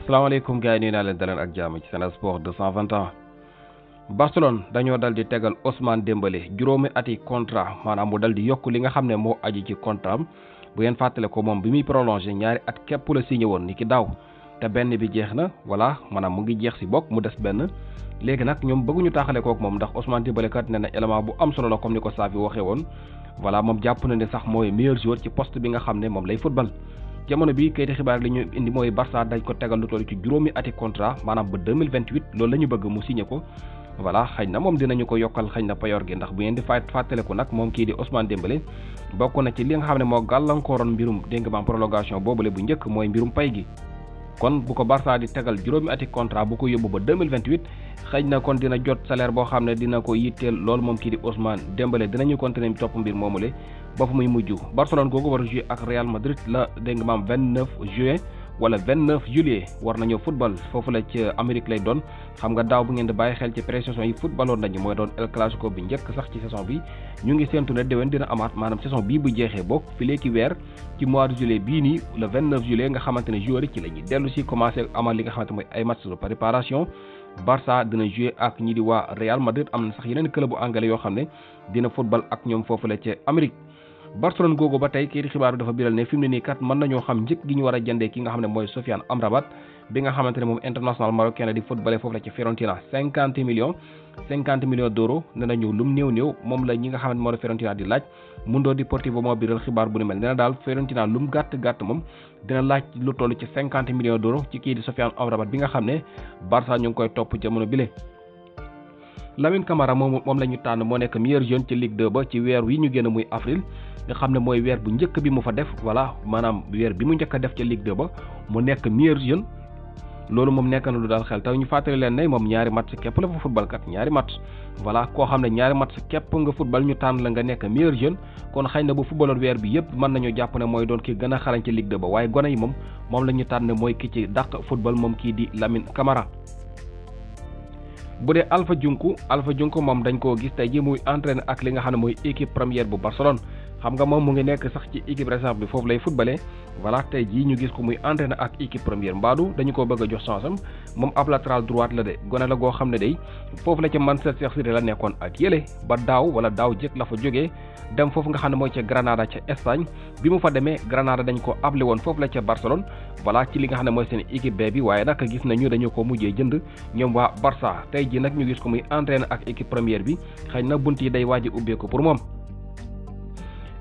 assalamu alaykum yi nuyu naa leen daleen ak jàmm ci Sen Sport ans Barcelone dañoo dal di tegal Ousmane Dembélé juróomi ati contrat maanaam mu dal di yokk li nga xam ne moo aju ci contrat bu ngeen fàttale ko moom bi muy prolongé ñaari at képp la signé woon ni ki daw te benn bi jeex na voilà maanaam mu ngi jeex si bokk mu des benn léegi nag ñoom bëgguñu taaxale kook moom ndax Ousmane Dembélé kat ne na élément bu am solo la comme ni ko Xavi waxee woon voilà moom jàpp na ne sax mooy meilleur joueur ci poste bi nga xam ne moom lay football jamono bi kayiti xibaar li ñu indi mooy Barça dañ ko tegal lu toll ci juróomi ati contrat maanaam ba 2028 loolu la ñu bëgg mu signé ko voilà xëy na moom dinañu ko yokkal xëy na payoor gi ndax bu ngeen di fàtt fàttaliku nag moom kii di Ousmane Dembélé bokk na ci li xam ne moo gàllankooroon mbirum dégg nga prolongation boobule bu njëkk mooy mbirum pay gi kon bu ko Barça di tegal juróomi ati contrat bu ko yóbbu ba 2028 xëy na kon dina jot salaire boo xam ne dina ko yitteel lool moom kii di Ousmane Dembélé dinañu continuer topp mbir moomule ba fu muy mujj Barcelone gogu war a ak Real Madrid la deng mam 29 juin wala 29 juillet war nañoo football fofu la ci Amérique lay don xam nga daw bu ngeen di baye xel ci pré-saison yi footballoon nañu moy don El Clasico bi njëkk sax ci saison bi ñu ngi sentu ne dewen dina amat manam saison bi bu jexé bok fi léegi weer ci mois de juillet bi ni le 29 juillet nga xamantene ne joueurs ci lañu delu ci commencer amal li nga xamantene moy ay match de préparation. Barça dina jouer ak ñi di Real Madrid amna sax yeneen club anglais yo xam dina football ak ñom fofu la ci Amérique. Barcelone googu ba tey kii xibaar bi dafa biral ne fi mu ne nii kat mën nañoo xam njëkk gi ñu war a jëndee ki nga xam ne mooy Sofiane Amrabat bi nga xamante ne moom international marocain la di footballeur foofu la ci Fiorentina cinquante millions cinquante millions d'euros ne nañu lum néew néew moom la ñi nga xam ne moo di Fiorentina di laaj Mundo Deportivo moo biral xibaar bu ni mel nee na daal Fiorentina lum gàtt gàtt moom dina laaj lu toll ci cinquante millions d'euros ci kii di ne Barça ñu ngi koy topp jamono Lamine Camara moom moom la ñu tànn moo nekk meilleur jeune ci Ligue 2 ba ci weer wi ñu génn muy avril nga xam ne mooy weer bu njëkk bi mu fa def voilà maanaam weer bi mu njëkk def ci Ligue 2 ba mu nekk meilleur jeune loolu moom nekk na lu daal xel taw ñu fàttali leen ne moom ñaari match képp la fa football kat ñaari match wala koo xam ne ñaari match képp nga football ñu tànn la nga nekk meilleur jeune kon xëy na bu footballoon weer bi yëpp mën nañu jàpp ne mooy doon ki g a xarañ ci Ligue 2 waaye gone yi moom moom la ñu tànn mooy ki ci dàq football moom kii di Lamine Camara bu dee Alpha Junku Alpha Junku moom dañ koo gis tey ji muy entraîné ak li nga xam ne mooy équipe première bu Barcelone xam nga moom mu ngi nekk sax ci équipe réserve bi foofu lay footballé voilà tey jii ñu gis ko muy entraîné ak équipe première mbaadu dañu ko bëgg jox chance am moom ab latéral droite la de gone la goo xam ne day foofu la ca Manchester City la nekkoon ak yële ba daaw wala daaw jëkk la fa jógee dem foofu nga xam ne mooy ca Granada ca bi mu fa demee Granada dañ ko able woon foofu la ca Barcelone balaa ci li nga xam ne mooy seen équipe B bi waaye nag gis nañu dañu ko mujjee jënd ñoom waa Barça tey ji nag ñu gis ko muy entraîné ak équipe première bi xëy na bunt yi day waaj ubbeeku pour moom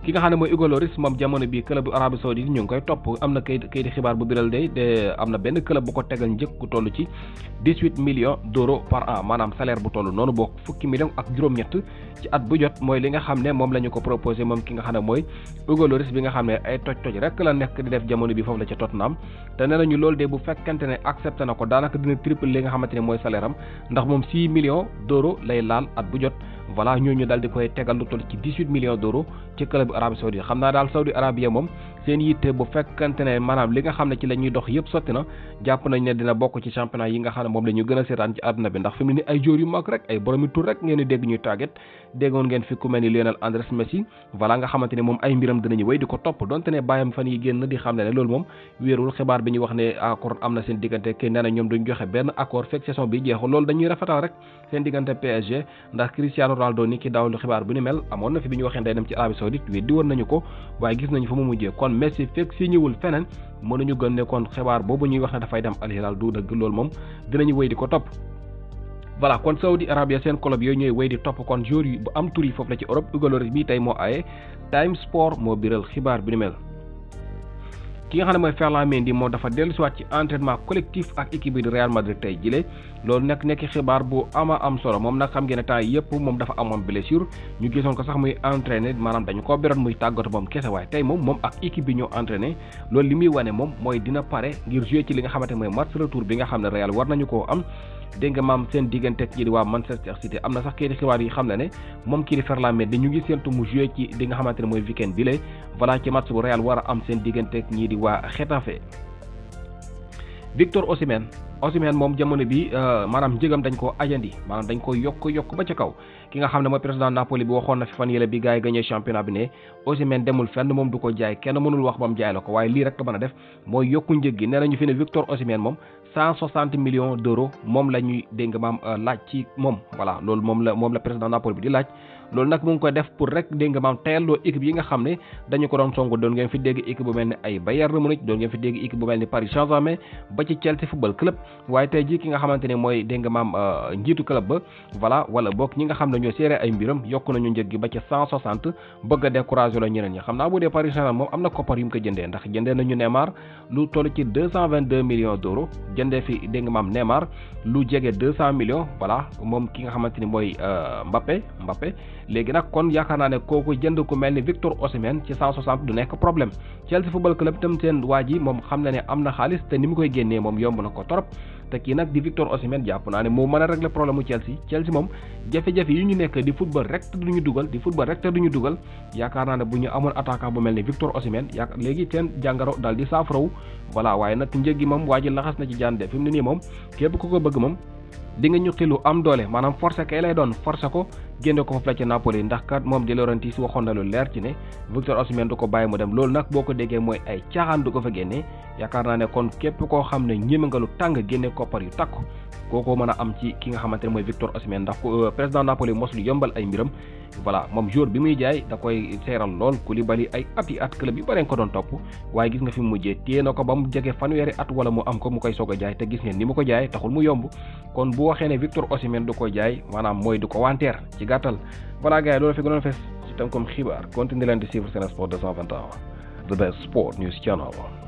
ki nga xam ne mooy Hugo moom jamono bi club bu Arabie Saoudite ñu ngi koy topp am na kayit kayit xibaar bu biral day de am na benn club bu ko tegal njëkk ku ci dix-huit millions d'euros par an maanaam salaire bu toll noonu boo fukki million ak juróom-ñett ci at bu jot mooy li nga xam ne moom la ñu ko proposé moom ki nga xam ne mooy Hugo Lloris bi nga xam ne ay toj-toj rek la nekk di def jamono bi foofu la ca Tottenham te ne nañu loolu de bu fekkente ne accepté na ko daanaka li nga xamante ne mooy salaire am ndax moom six millions d'euros lay laal at jot voilà ñooñu daal di koy tegal lu toll ci 18 millions d'euros ci club Arabie Saoudite xam Saudi Arabia moom seen yitte bu fekkante ne maanaam li nga xam ne ci la dox yëpp sotti na jàpp nañ ne dina bokk ci championnat yi nga xam ne moom la ñu seetaan ci àdduna bi ndax fi mu ni mel amoon na fi bi ñu waxee day ci Arabie Saoudite weddi nañu ko waaye gis nañu fa mu mujjee kon kon Messi fekk si ñëwul feneen mënuñu gën ne kon xibaar boobu ñuy wax ne dafay dem Al Hilal du dëgg loolu moom dinañu wéy di ko topp. voilà kon Saudi Arabia seen club yooyu ñooy wéy di topp kon jour bu am tur yi foofu la ci Europe Hugo Lloris bi tey moo aaye Time Sport moo biral xibaar bi ni mel. ki nga xam ne mooy Ferland Mendy moom dafa dellusiwaat ci entraînement collectif ak équipe bi di Real Madrid tey jile loolu nag nekk xibaar bu ama am solo moom nag xam ngeen ne temps yëpp moom dafa amoon ko sax muy entraîné maanaam dañu ko beroon muy tàggatu moom kese waaye tey moom moom ak équipe bi ñoo entraîné loolu li muy wane moom mooy dina pare ngir jouer ci li nga xamante mooy match retour bi nga xam ne Real war nañu koo am dégg seen diggante ci waa Manchester City am na sax kii xibaar yi xam na ne moom kii di Ferland Mendy ñu ngi li nga xamante ne mooy weekend balaa ci match bu Real war a am seen digganteeg ñii di waa Xetafe Victor Osimhen Osimhen moom jamono bi euh, maanaam njëgam dañ koo ajandi maanaam dañ ko yokk yokk ba ca kaw ki nga xam ne mooy président Napoli bi waxoon na fi fan yële bi gars yi championnat bi ne Osimhen demul fenn moom du ko jaay kenn mënul wax ba jaay la ko waaye lii rek mën a def mooy yokku njëg gi nee nañu fi ne Victor Osimhen moom cent soixante moom la ñuy maam euh, laaj ci moom voilà loolu moom la moom la président Napoli bi di laaj loolu nag mu ngi koy def pour waaye tey jii ki nga xamante ne mooy dégg nga maam euh, njiitu club ba voilà wala ñi nga xam ne ñoo seere ay mbiram yokk nañu njëg gi ba ci 160 bëgg a découragé la ñeneen ñi xam naa bu dee Paris moom am na koppar yu mu ko jëndee ndax jëndee nañu Neymar lu toll ci 222 millions d'euros jëndee fi dégg nga lu jege 200 millions moom ki nga xamante ni mooy euh, Mbappé Mbappé léegi nag kon yaakaar naa ne kooku jënd ku mel ni Victor Osimhen ci 160 du nekk problème Chelsea football na am na xaalis te ni mu koy moom yomb na ko torop te kii nag di Victor Osimhen jàpp naa ne moo mën a régler problème mu Chelsea Chelsea moom jafe-jafe yi ñu nekk di football rek te duñu dugal di football rek te ñu dugal yaakaar naa ne bu ñu amoon attaquant bu mel ni Victor Osimhen yaa léegi seen jàngaro daal di saafaraw voilà waaye nag njëg gi moom waa ji laxas na ci jaan de fi mu nii moom képp ku ko bëgg moom di nga ñuqi lu am doole maanaam forcé kay lay doon forcé ko génne ko foofu la ci Napoli ndax kat moom De Laurentiis waxoon na lu leer ci ne Victor Osimhen du ko bàyyi mu dem loolu nag boo ko déggee mooy ay caaxaan du ko fa génne yaakaar naa ne kon képp koo xam ne ñeme nga lu tàng génne koppar yu takk kooko mën a am ci ki nga xamante ne mooy Victor Osimhen ndax euh, président Napoli mosul yombal ay mbiram voilà moom jour bi muy jaay da koy seeral lool Koulibaly ay at yi at club yi bare ko doon topp waaye gis nga fi mu mujjee téye ko ba mu jege fanweeri at wala ko mu koy soog a jaay te gis ni mu ko jaay taxul mu yomb bu waxee ne Victor Osimhen du ko jaay maanaam mooy du ko wanteer ci gàttal voilà gars yi loolu fi gënoon fees ci tënkum xibaar continuer leen di suivre Sen Sport 221 the best sport news channel